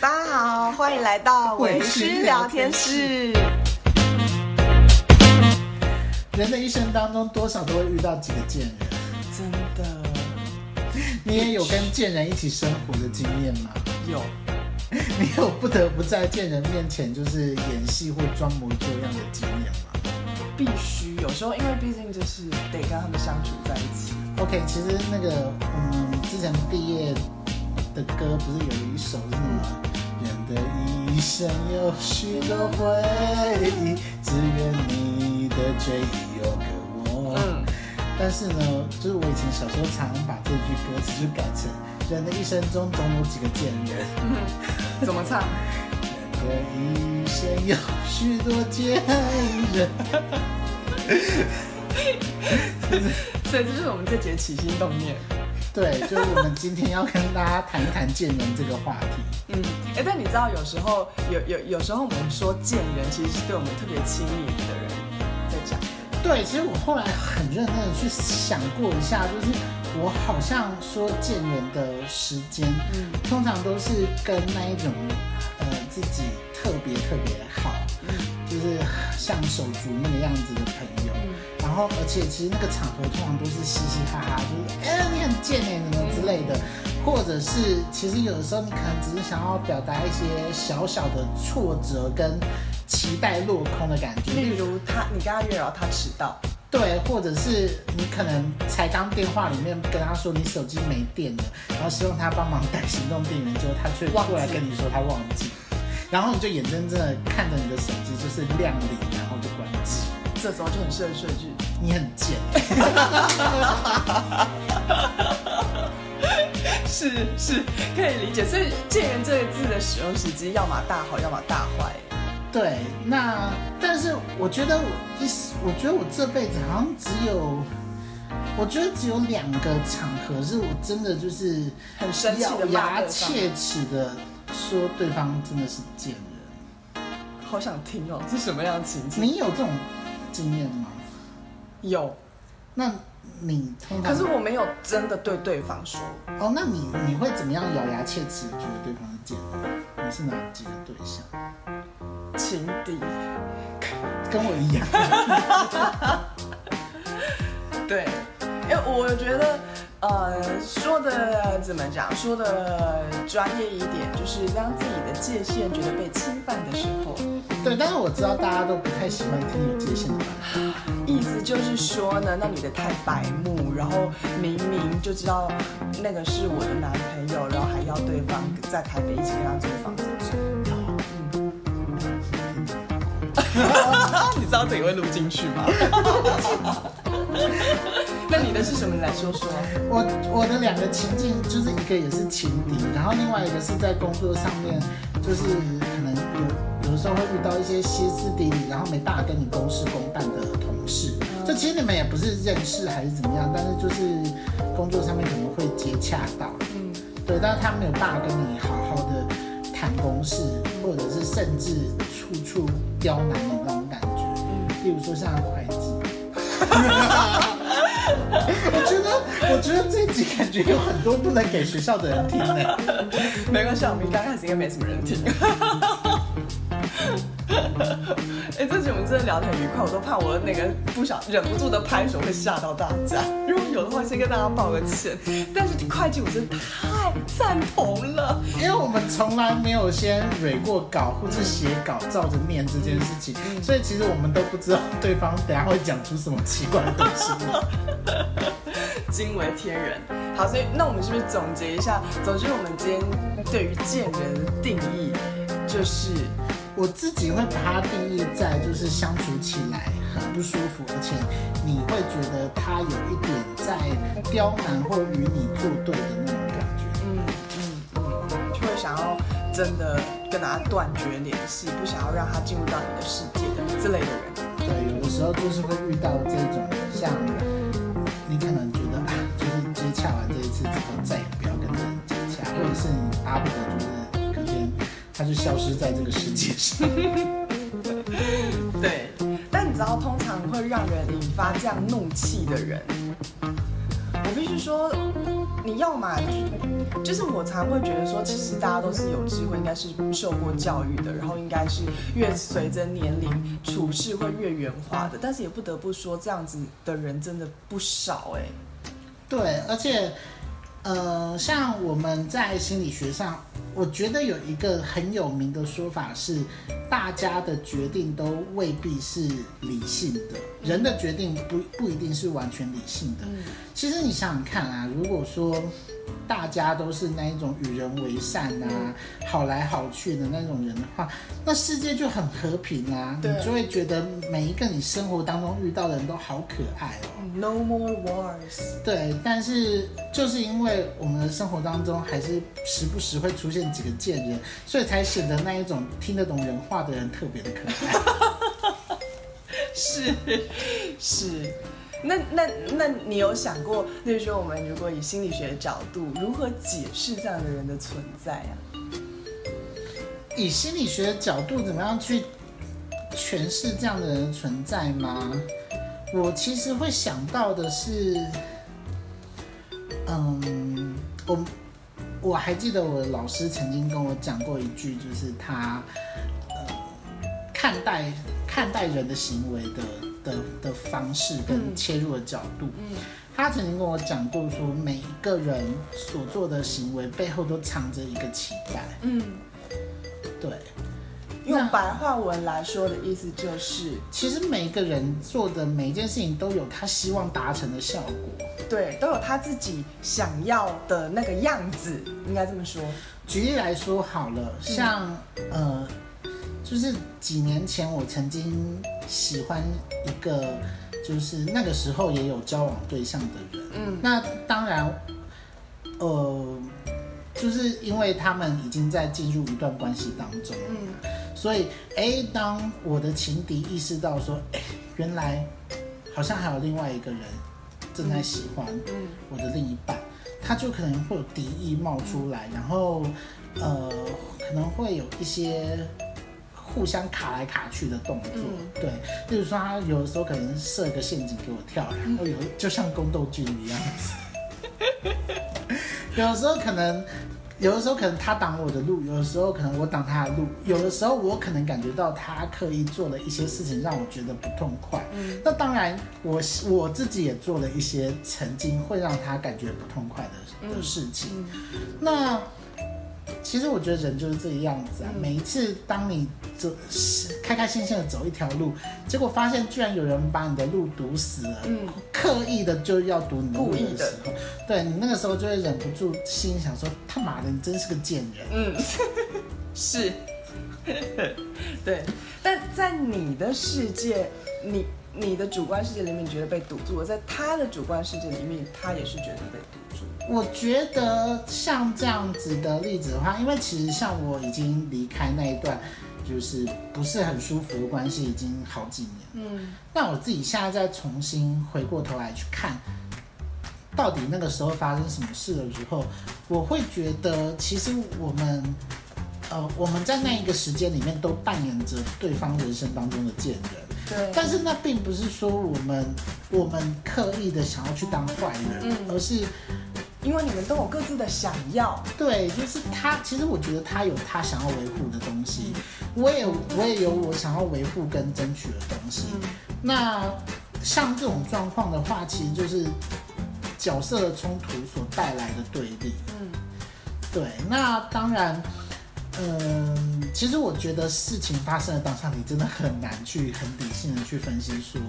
大家好，歡迎來到偉師聊天室。 人的一生當中，多少都會遇到幾個賤人，真的。你也有跟賤人一起生活的經驗嗎？有。你有不得不在賤人面前就是演戲或裝模作樣的經驗嗎？必須，有時候因為畢竟就是得跟他們相處在一起。OK，其實那個我們、嗯、之前畢業。的歌不是有一首嗎？嗯、人的一生有許多回憶，只願你的追憶有個我。嗯、但是呢，就是我以前小時候常，常把這句歌詞就改成：人的一生中總有幾個賤人，嗯。怎麼唱？人的一生有許多賤人。 就是、所以這就是我們這節起心動念。對，就是我們今天要跟大家談一談賤人這個話題。 嗯，哎、欸，但你知道，有時候有有有時候我們說賤人，其實是對我們特別親密的人在講。對，其實我後來很認真的去想過一下，就是我好像說賤人的時間，嗯，通常都是跟那一種呃自己特別特別好，就是像手足那個樣子的朋友。嗯然後，而且其實那個場合通常都是嘻嘻哈哈，就是哎、欸，你很賤哎，什麼之類的，或者是其實有的時候你可能只是想要表達一些小小的挫折跟期待落空的感覺，例如他，你跟他約了他遲到，對，或者是你可能才剛電話裡面跟他說你手機沒電了，然後希望他幫忙帶行動電源，結果他卻過來跟你說他忘記，然後你就眼睜睜的看着你的手機就是亮着，然後就關機，這時候就很適合說一句。你很賤 是是，可以理解。所以“賤人”這一字的使用時機，要麼大好，要麼大壞。對，那但是我覺得我，我覺得我這輩子好像只有，我覺得只有兩個場合是我真的就是很生氣的咬牙切齒的說對方真的是賤人，好想聽哦、喔，是什麼樣子情形？你有這種經驗嗎？有，那你通常，可是我沒有真的對對方說哦。那你你會怎麼樣咬牙切齒覺得對方是賤？你是哪幾個對象？情敵敵，跟我一樣。 對，因為我覺得，呃，說的怎麼講？說的專業一點，就是當自己的界限覺得被侵犯的時候。對，但是我知道大家都不太喜歡聽有界限的。嗯啊意思就是說呢，那女的太白目，然後明明就知道那個是我的男朋友，然後還要對方在台北一起跟他租房子住。你知道自己會錄進去嗎？那你的是什麼？你來說說。 我我的兩個情境就是一個也是情敵，然後另外一個是在工作上面，就是可能有。有時候會遇到一些歇斯底里，然後沒大跟你公事公辦的同事，這、啊、其實你們也不是認識還是怎麼樣，但是就是工作上面可能會接洽到。嗯，對，但是他沒有辦法跟你好好的談公事，嗯、或者是甚至處處刁難你那種感覺。嗯，比如說像會計， 我覺得我覺得這集感覺有很多不能給學校的人聽呢。沒關係，我們剛開始應該沒什麼人聽。 聊得很愉快，我都怕我那個不想忍不住的拍手會嚇到大家。如果有的話，先跟大家抱個歉。但是會計，我真的太贊同了，因為我們從來沒有先蕊過稿或者寫稿照着念這件事情，嗯、所以其實我們都不知道對方等下會講出什麼奇怪的東西，驚 為天人。好，所以那我們是不是總結一下？總之，我們今天對於賤人的定義就是。我自己會把它定義在，就是相處起來很不舒服，而且你會覺得他有一點在刁難或與你作對的那種感覺。嗯嗯嗯，嗯就會想要真的跟他斷絕聯繫，不想要讓他進入到你的世界之類的人。對，有的時候就是會遇到這種，像你可能覺得啊，就是接洽完這一次之後，這個、再也不要跟人接洽，嗯、或者是你巴不得就是。他就消失在這個世界上。 對，對但你知道，通常會讓人引發這樣怒氣的人，我必須說，你要嘛，就是、就是、我常會覺得說，其實大家都是有機會，應該是受過教育的，然後應該是越隨着年齡處事會越圓滑的。但是也不得不說，這樣子的人真的不少哎、欸。對，而且。呃，像我們在心理學上，我覺得有一個很有名的說法是，大家的決定都未必是理性的，人的決定不不一定是完全理性的。嗯，其實你想想看啊，如果說。大家都是那一種與人為善啊，好來好去的那種人的話，那世界就很和平啊。對你就會覺得每一個你生活當中遇到的人都好可愛哦。No more wars。對，但是就是因為我們的生活當中還是時不時會出現幾個賤人，所以才使得那一種聽得懂人話的人特別的可愛。是 是。是。那那那你有想過，就是說我們如果以心理學的角度，如何解釋這樣的人的存在啊？以心理學的角度，怎麼樣去詮釋這樣的人的存在嗎？我其實會想到的是，嗯，我我還記得我的老師曾經跟我講過一句，就是他呃、嗯、看待看待人的行為的。的、的方式跟切入的角度，嗯，嗯，他曾經跟我講過，說每一個人所做的行為背後都藏着一個期待，嗯，對，用、那、用白話文來說的意思就是，其實每一個人做的每一件事情都有他希望達成的效果，對，都有他自己想要的那個樣子，應該這麼說。舉例來說好了，像、嗯、呃。就是幾年前，我曾經喜歡一個，就是那個時候也有交往對象的人。嗯，那當然，呃，就是因為他們已經在進入一段關係當中，嗯嗯，所以，欸，當我的情敵意識到說，欸，原來好像還有另外一個人正在喜歡我的另一半，嗯嗯，他就可能會有敵意冒出來，然後，呃，可能會有一些。互相卡來卡去的動作，嗯、對，就是說他有的時候可能設個陷阱給我跳，然後有就像宮鬥劇一樣，嗯、 有的時候可能，有的時候可能他擋我的路，有的時候可能我擋他的路，有的時候我可能感覺到他刻意做了一些事情讓我覺得不痛快，嗯，那當然我我自己也做了一些曾經會讓他感覺不痛快的的事情，嗯、那。其實我覺得人就是這個樣子啊。嗯、每一次當你走，開開心心的走一條路，結果發現居然有人把你的路堵死了，嗯、刻意的就要堵你的路的時候，對，你那個時候就會忍不住心想說：“他媽的，你真是個賤人。”嗯， 是， 對。但在你的世界，你你的主觀世界裡面你覺得被堵住了；在他的主觀世界裡面，他也是覺得被堵住。我覺得像這樣子的例子的話，因為其實像我已經離開那一段，就是不是很舒服的關係，已經好幾年了。嗯，那我自己現在再重新回過頭來去看，到底那個時候發生什麼事的時候，我會覺得其實我們，呃，我們在那一個時間裡面都扮演着對方人生當中的賤人。對。但是那並不是說我們我們刻意的想要去當壞人，嗯。而是。因為你們都有各自的想要，對，就是他。嗯、其實我覺得他有他想要維護的東西，我也我也有我想要維護跟爭取的東西。嗯、那像這種狀況的話，其實就是角色的衝突所帶來的對立。嗯、對。那當然，嗯，其實我覺得事情發生的當下，你真的很難去很理性的去分析說。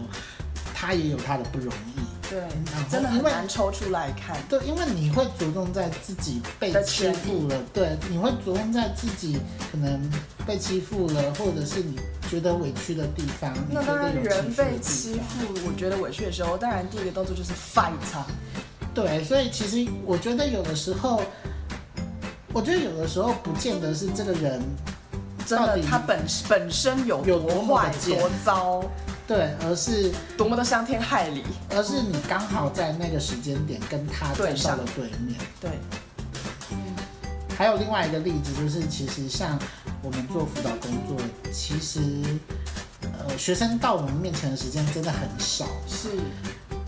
他也有他的不容易，對，因為真的很難抽出來看。對，因為你會著重在自己被欺負了，對，你會著重在自己可能被欺負了，或者是你覺得委屈的地方。那當然人被欺負、嗯、我覺得委屈的時候，當然第一個動作就是反差、er、對，所以其實我覺得有的時候，我覺得有的時候不見得是這個人到底真的他本身本身有多壞、多糟。對，而是多麼的傷天害理，而是你剛好在那個時間點跟他對上了對面。對，對。還有另外一個例子，就是其實像我們做輔導工作，嗯、其實、呃、學生到我們面前的時間真的很少，是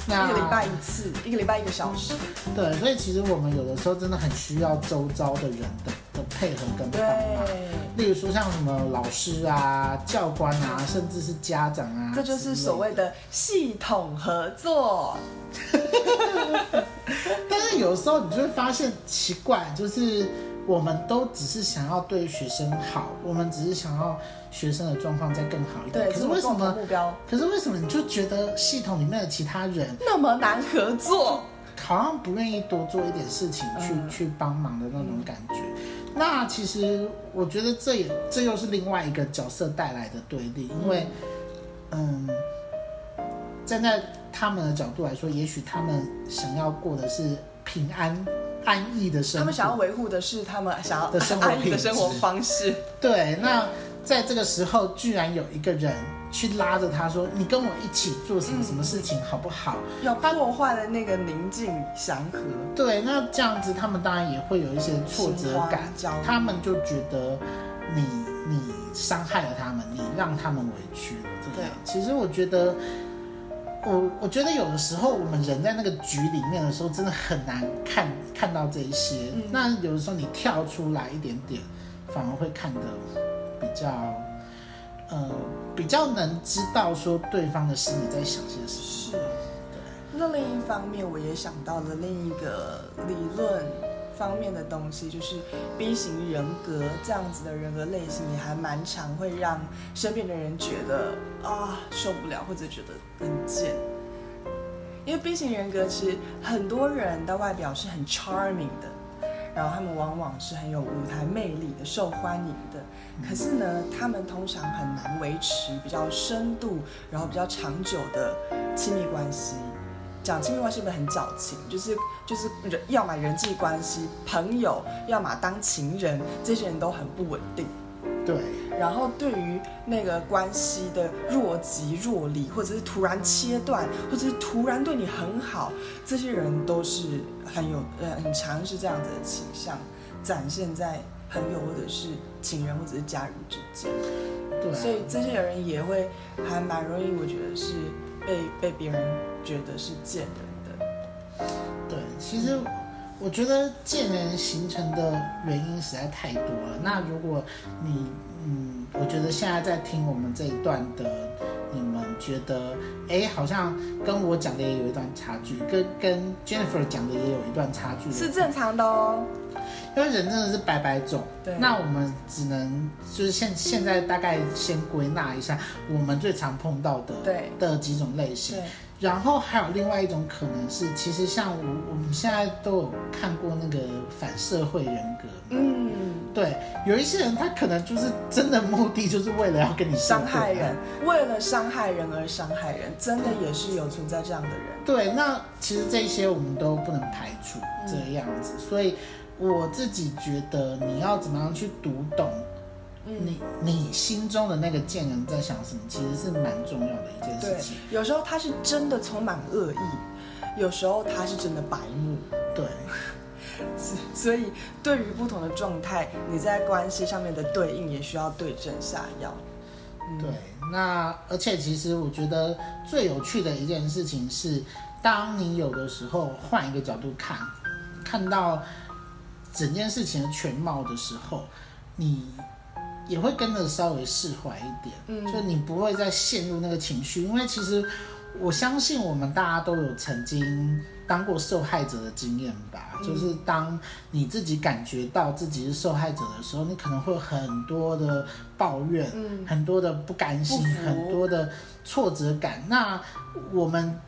那一個禮拜一次，一個禮拜一個小時。對，所以其實我們有的時候真的很需要周遭的人的，的配合跟幫忙。例如說，像什麼老師啊、教官啊，甚至是家長啊，嗯、這就是所謂的系統合作。 但是有時候你就會發現奇怪，就是我們都只是想要對學生好，我們只是想要學生的狀況再更好一點。對可是為什麼目標？可是為什麼你就覺得系統裡面的其他人那麼難合作、嗯？好像不願意多做一點事情去、嗯、去幫忙的那種感覺。那其實我覺得這也這又是另外一個角色帶來的對立，嗯、因為，嗯，站在他們的角度來說，也許他們想要過的是平安安逸的生活，他們想要維護的是他們想要安逸的生活、安逸的生活方式。對，那。 在這個時候，居然有一個人去拉着他說：“你跟我一起做什麼什麼事情好不好？”有破壞了那個寧靜祥和。對，那這樣子他們當然也會有一些挫折感，他們就覺得你你傷害了他們，你讓他們委屈了。對，其實我覺得，我我覺得有的時候我們人在那個局裡面的時候，真的很難看看到這一些。那有的時候你跳出來一點點，反而會看得。比較，呃，比較能知道說對方的心裡在想些什麼。是，對。那另一方面，我也想到了另一個理論方面的東西，就是 B 型人格這樣子的人格類型，也還蠻常會讓身邊的人覺得啊受不了，或者覺得很賤。因為 B 型人格其實很多人的外表是很 charming 的。然後他們往往是很有舞台魅力的、受歡迎的，可是呢，他們通常很難維持比較深度，然後比較長久的親密關係。講親密關係是不是很矯情？就是就是人，要麼人際關係、朋友，要麼當情人，這些人都很不穩定。對，然後對於那個關係的若即若離，或者是突然切斷，或者是突然對你很好，這些人都是很有呃很強勢這樣子的傾向，展現在朋友或者是情人或者是家人之間。對啊，所以這些人也會還蠻容易，我覺得是被被別人覺得是賤人的。對，其實。我覺得賤人形成的原因實在太多了。那如果你，嗯，我覺得現在在聽我們這一段的，你們覺得，哎，好像跟我講的也有一段差距，跟跟 Jennifer 講的也有一段差距，是正常的哦。因為人真的是百百種。對。那我們只能就是現現在大概先歸納一下，我們最常碰到的對的幾種類型。然後還有另外一種可能是，其實像我我們現在都有看過那個反社會人格，嗯，對，有一些人他可能就是真的目的就是為了要跟你傷害人，為了傷害人而傷害人，真的也是有存在這樣的人。對，那其實這些我們都不能排除這樣子，嗯，所以我自己覺得你要怎麼樣去讀懂。嗯、你你心中的那個賤人在想什麼，其實是蠻重要的一件事情。對，有時候他是真的充滿惡意，嗯、有時候他是真的白目。對， 所以對於不同的狀態，你在關係上面的對應也需要對症下藥。嗯、對，那而且其實我覺得最有趣的一件事情是，當你有的時候換一個角度看，看到整件事情的全貌的時候，你。也會跟着稍微釋懷一點，嗯、就你不會再陷入那個情緒，因為其實我相信我們大家都有曾經當過受害者的經驗吧。嗯、就是當你自己感覺到自己是受害者的時候，你可能會很多的抱怨，嗯、很多的不甘心，不服、很多的挫折感。那我們。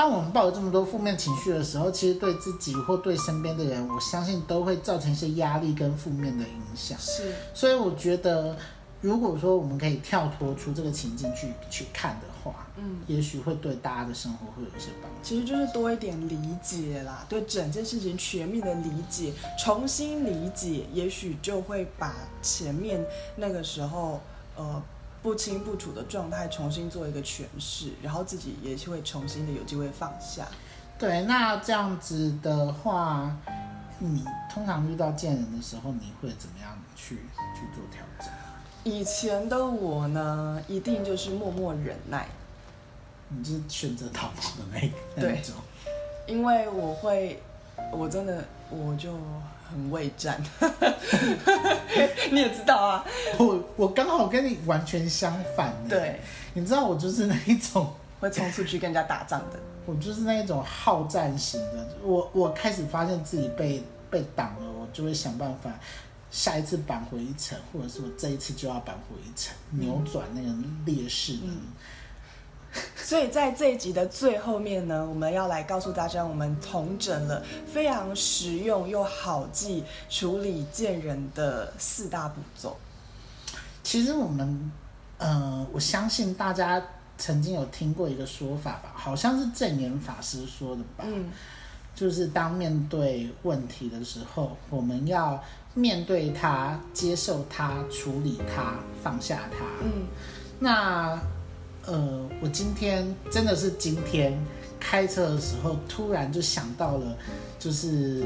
當我們抱有這麼多負面情緒的時候，其實對自己或對身邊的人，我相信都會造成一些壓力跟負面的影響。是，所以我覺得，如果說我們可以跳脫出這個情境去去看的話，嗯，也許會對大家的生活會有一些幫助。其實就是多一點理解啦，對整件事情全面的理解，重新理解，也許就會把前面那個時候，呃。嗯不清不楚的狀態，重新做一個詮釋，然後自己也是會重新的有機會放下。對，那這樣子的話，你，嗯，通常遇到賤人的時候，你會怎麼樣去去做調整啊？以前的我呢，一定就是默默忍耐，你就選擇逃跑的那那種。對，因為我會，我真的我就。很畏戰，呵呵 你也知道啊。我我剛好跟你完全相反。對，你知道我就是那一種會衝出去跟人家打仗的。我就是那一種好戰型的。我我開始發現自己被被擋了，我就會想辦法，下一次扳回一城，或者說這一次就要扳回一城，嗯、扭轉那個劣勢的。嗯 所以，在這一集的最後面呢，我們要來告訴大家，我們統整了非常實用又好記處理賤人的四大步驟。其實，我們、呃，我相信大家曾經有聽過一個說法吧，好像是證嚴法師說的吧？嗯。就是當面對問題的時候，我們要面對它、接受它、處理它、放下它。嗯。那。呃，我今天真的是今天開車的時候，突然就想到了，就是。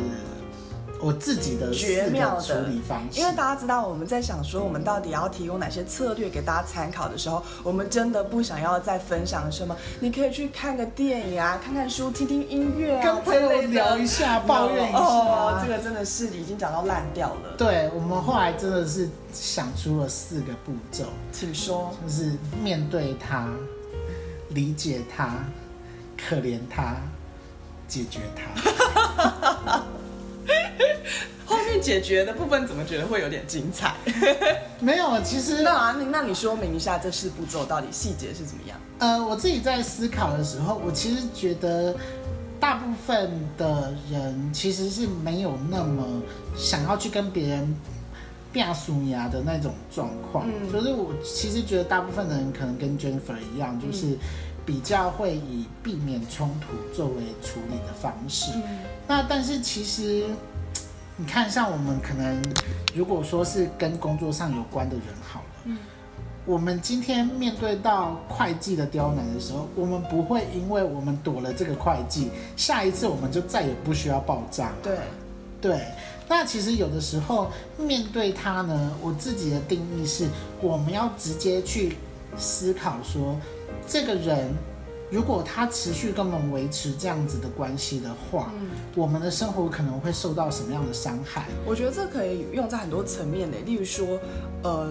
我自己的絕妙的處理方式，因為大家知道我們在想說我們到底要提供哪些策略給大家參考的時候，我們真的不想要再分享什麼。你可以去看個電影啊，看看書，聽聽音樂啊，跟朋友聊一下，有抱怨一下。哦，這個真的是已經講到爛掉了。對，我們後來真的是想出了四個步驟，請說、嗯，就是面對他，理解他，可憐他，解決他。 解決的部分怎麼覺得會有點精彩？ 沒有，其實那那、啊、那你說明一下這四步驟到底細節是怎麼樣？呃，我自己在思考的時候，嗯、我其實覺得大部分的人其實是沒有那麼想要去跟別人辯輸贏的那種狀況。所以、嗯、我其實覺得大部分的人可能跟 Jennifer 一樣，就是比較會以避免衝突作為處理的方式。嗯、那但是其實。你看，像我們可能，如果說是跟工作上有關的人好了，嗯，我們今天面對到會計的刁難的時候，我們不會因為我們躲了這個會計，下一次我們就再也不需要報賬。對，對。那其實有的時候面對他呢，我自己的定義是，我們要直接去思考說，這個人，如果他持續跟我們維持這樣子的關係的話，嗯，我們的生活可能會受到什麼樣的傷害？我覺得這可以用在很多層面的，欸，例如說，呃，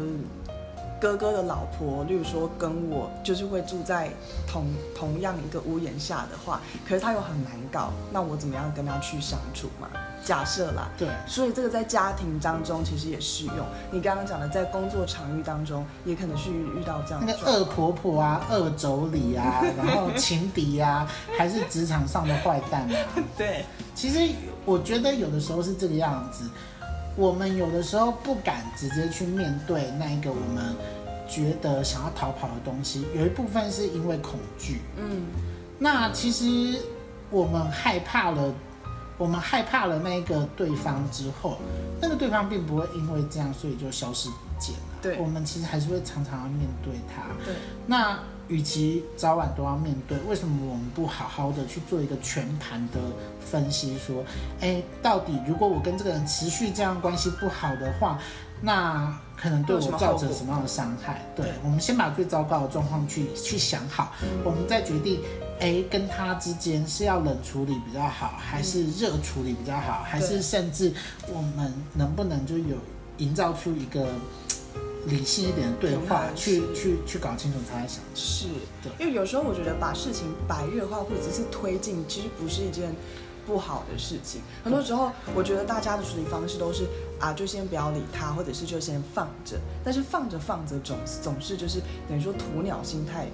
哥哥的老婆，例如說跟我就是會住在同同樣一個屋檐下的話，可是他又很難搞，那我怎麼樣跟他去相處嘛？假設啦，對，所以這個在家庭當中其實也適用。你剛剛講的，在工作場域當中也可能是遇到這樣的那個惡婆婆啊，惡妯娌啊，然後情敵啊， 還是職場上的壞蛋啊。對，其實我覺得有的時候是這個樣子。我們有的時候不敢直接去面對那一個我們覺得想要逃跑的東西，有一部分是因為恐懼。嗯，那其實我們害怕了。我們害怕了那個對方之後，那個對方並不會因為這樣，所以就消失不見了。對，我們其實還是會常常要面對他。對，那與其早晚都要面對，為什麼我們不好好的去做一個全盤的分析？說，哎、欸，到底如果我跟這個人持續這樣關係不好的話，那可能對我造成什麼樣的傷害？對、嗯、我們先把最糟糕的狀況去去想好，嗯、我們再決定，哎、欸，跟他之間是要冷處理比較好，嗯、還是熱處理比較好，嗯、還是甚至我們能不能就有營造出一個理性一點的對話，嗯、去去去搞清楚他在想，是的，對因為有時候我覺得把事情白熱化或者是推進，其實不是一件。不好的事情，很多時候我覺得大家的處理方式都是啊，就先不要理他，或者是就先放着。但是放着放着，總是總是就是等於說鴕鳥心態。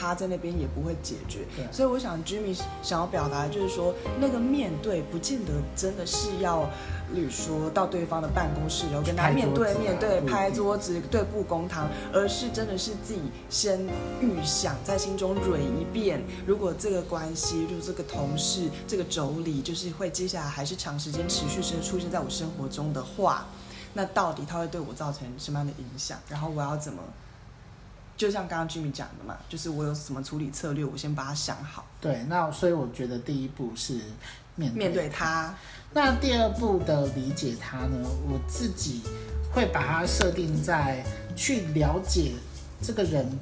他在那邊也不會解決，對所以我想 Jimmy 想要表達就是說，那個面對不見得真的是要說到對方的辦公室，然後跟他面對面對拍桌子對簿公堂，而是真的是自己先預想，在心中捋一遍。如果這個關係，就是這個同事這個妯娌，就是會接下來還是長時間持續的出現在我生活中的話，那到底他會對我造成什麼樣的影響？然後我要怎麼？就像剛剛 Jimmy 講的嘛，就是我有什麼處理策略，我先把它想好。對，那所以我覺得第一步是面對面對他，那第二步的理解他呢，我自己會把它設定在去了解這個人。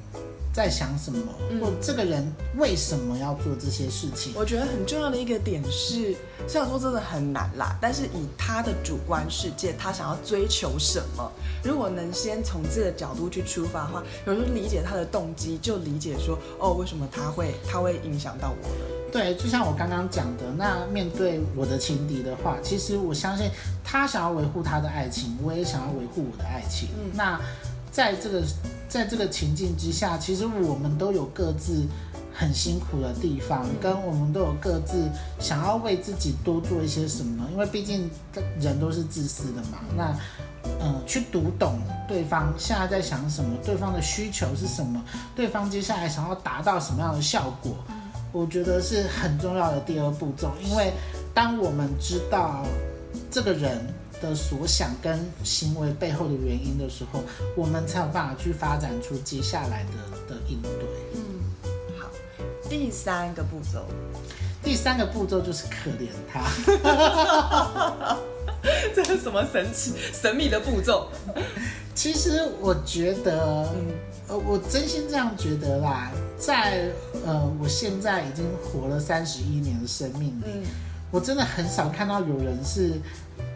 在想什麼？我、嗯、這個人為什麼要做這些事情？我覺得很重要的一個點是，雖然說真的很難啦。但是以他的主觀世界，他想要追求什麼？如果能先從這個角度去出發的話，有時候理解他的動機，就理解說哦，為什麼他會他會影響到我？對，就像我剛剛講的，那面對我的情敵的話，其實我相信他想要維護他的愛情，我也想要維護我的愛情。嗯，那在這個。在這個情境之下，其實我們都有各自很辛苦的地方，跟我們都有各自想要為自己多做一些什麼。因為畢竟人都是自私的嘛。那嗯，去讀懂對方現在在想什麼，對方的需求是什麼，對方接下來想要達到什麼樣的效果，我覺得是很重要的第二步驟。因為當我們知道這個人，的所想跟行為背後的原因的時候，我們才有辦法去發展出接下來的的應對。嗯，好，第三個步驟，第三個步驟就是可憐他。 這是什麼神奇神秘的步驟？ 其實我覺得，我真心這樣覺得啦，在、呃、我現在已經活了三十一年的生命裡，嗯、我真的很少看到有人是。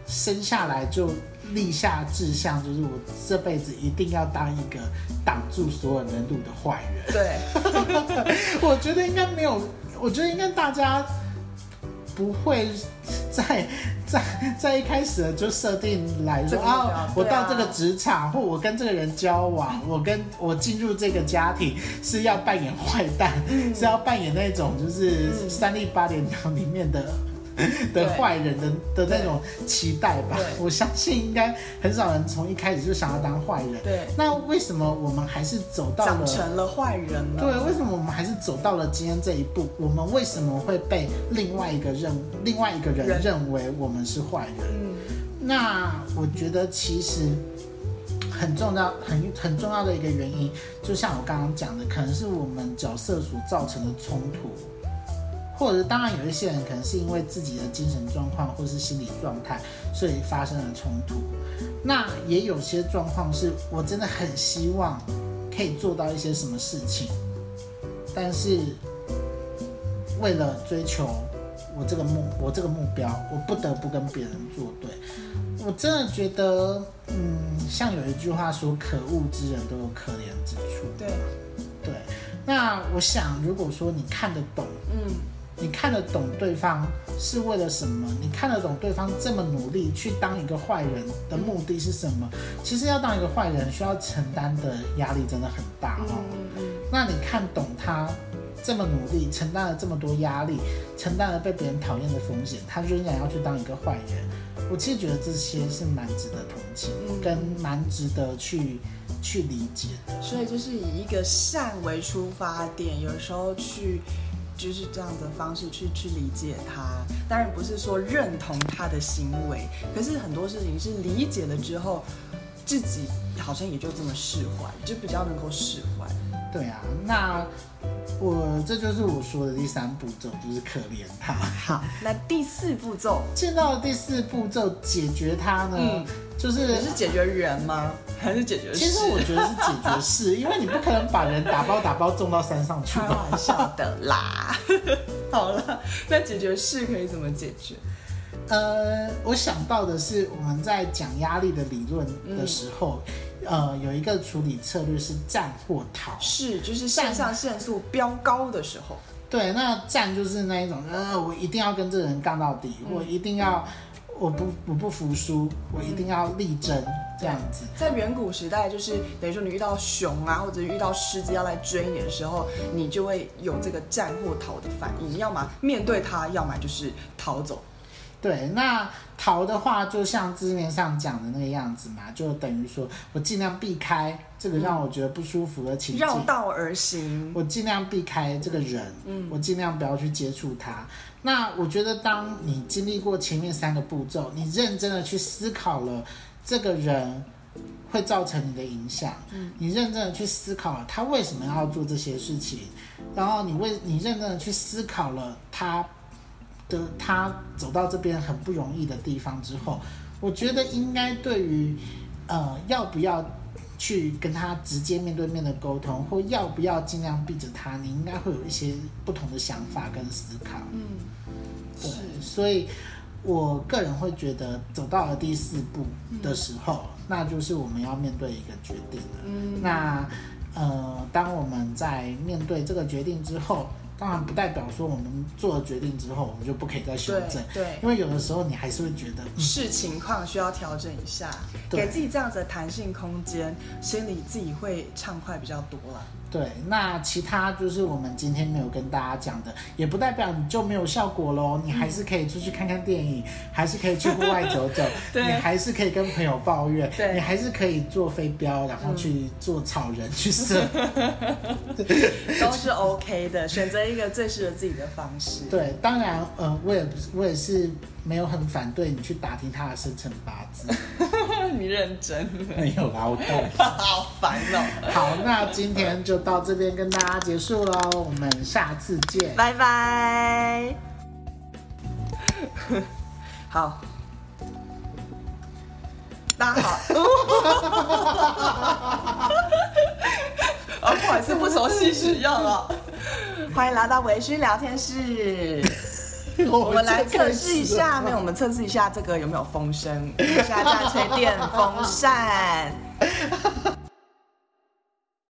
生下來就立下志向，就是我這輩子一定要當一個擋住所有人路的壞人。對， 我覺得應該沒有，我覺得應該大家不會在在在一開始就設定來說，啊，啊，我到這個職場，啊、或我跟這個人交往，我跟我進入這個家庭是要扮演壞蛋，嗯、是要扮演那種就是三立八點檔裡面的。的壞人的對的那種期待吧，對我相信應該很少人從一開始就想要當壞人。對，那為什麼我們還是走到了成了壞人了呢？對，為什麼我們還是走到了今天這一步？我們為什麼會被另外一個認另外一個人認為我們是壞人？人那我覺得其實很重要很很重要的一個原因，就像我剛剛講的，可能是我們角色所造成的衝突。或者當然有一些人可能是因為自己的精神狀況或是心理狀態，所以發生了衝突。那也有些狀況是我真的很希望可以做到一些什麼事情，但是為了追求我這個目，我這個目標，我不得不跟別人作對。我真的覺得，嗯，像有一句話說，可惡之人都有可憐之處。對，對。那我想，如果說你看得懂，嗯。你看得懂對方是為了什麼？你看得懂對方這麼努力去當一個壞人的目的是什麼？嗯嗯嗯、其實要當一個壞人需要承擔的壓力真的很大哦。嗯嗯、那你看懂他這麼努力，承擔了這麼多壓力，承擔了被別人討厭的風險，他仍然要去當一個壞人，我其實覺得這些是蠻值得同情，嗯、跟蠻值得去去理解的。所以就是以一個善為出發點，有時候去。就是這樣的方式去去理解他，當然不是說認同他的行為，可是很多事情是理解了之後，自己好像也就這麼釋懷，就比較能夠釋懷。對啊，那我這就是我說的第三步驟，就是可憐他。好，那第四步驟， 見到第四步驟解決他呢？嗯就是是解決人嗎？啊、還是解決事？其實我覺得是解決事， 因為你不可能把人打包打包種到山上去。開玩笑的啦。 好了，那解決事可以怎麼解決？呃，我想到的是我們在講壓力的理論的時候，嗯、呃，有一個處理策略是戰或逃。是，就是腎上腺素飆高的時候。戰對，那戰就是那一種，呃，我一定要跟這個人幹到底，嗯、我一定要。我不我不服輸，我一定要力爭、嗯、這樣子。在遠古時代，就是等於說你遇到熊啊，或者遇到獅子要來追你的時候，你就會有這個戰或逃的反應，要麼面對它，要麼就是逃走。對，那逃的話，就像字面上講的那個樣子嘛，就等於說我盡量避開這個讓我覺得不舒服的情境繞、嗯、道而行。我盡量避開這個人，嗯，嗯我盡量不要去接觸他。那我覺得，當你經歷過前面三個步驟，你認真的去思考了這個人會造成你的影響，你認真的去思考了他為什麼要做這些事情，然後你為你認真的去思考了他的他走到這邊很不容易的地方之後，我覺得應該對於呃要不要。去跟他直接面對面的溝通，或要不要盡量避着他，你應該會有一些不同的想法跟思考。嗯，對，所以我個人會覺得，走到了第四步的時候，嗯、那就是我們要面對一個決定了。嗯、那、呃、當我們在面對這個決定之後。當然不代表說我們做了決定之後，我們就不可以再修正。對，因為有的時候你還是會覺得，嗯，是情況需要調整一下，對給自己這樣子的彈性空間，心裡自己會暢快比較多了。對，那其他就是我們今天沒有跟大家講的，也不代表你就沒有效果嘍。你還是可以出去看看電影，嗯、還是可以去戶外走走， 對你還是可以跟朋友抱怨，對你還是可以做飛鏢，然後去做草人、嗯、去射， 都是 OK 的。 選擇一個最適合自己的方式。對，當然，呃，我也不是我也是沒有很反對你去打聽他的生辰八字。 你認真，沒有勞動。 好煩哦、喔！好，那今天就到這邊跟大家結束嘍，我們下次見，拜拜 bye 好，大家好。啊，不好意思，不熟悉使用哦。 歡迎來到微信聊天室。 我們來測試一下，沒有？我們測試一下這個有沒有風聲？現在在吹電風扇。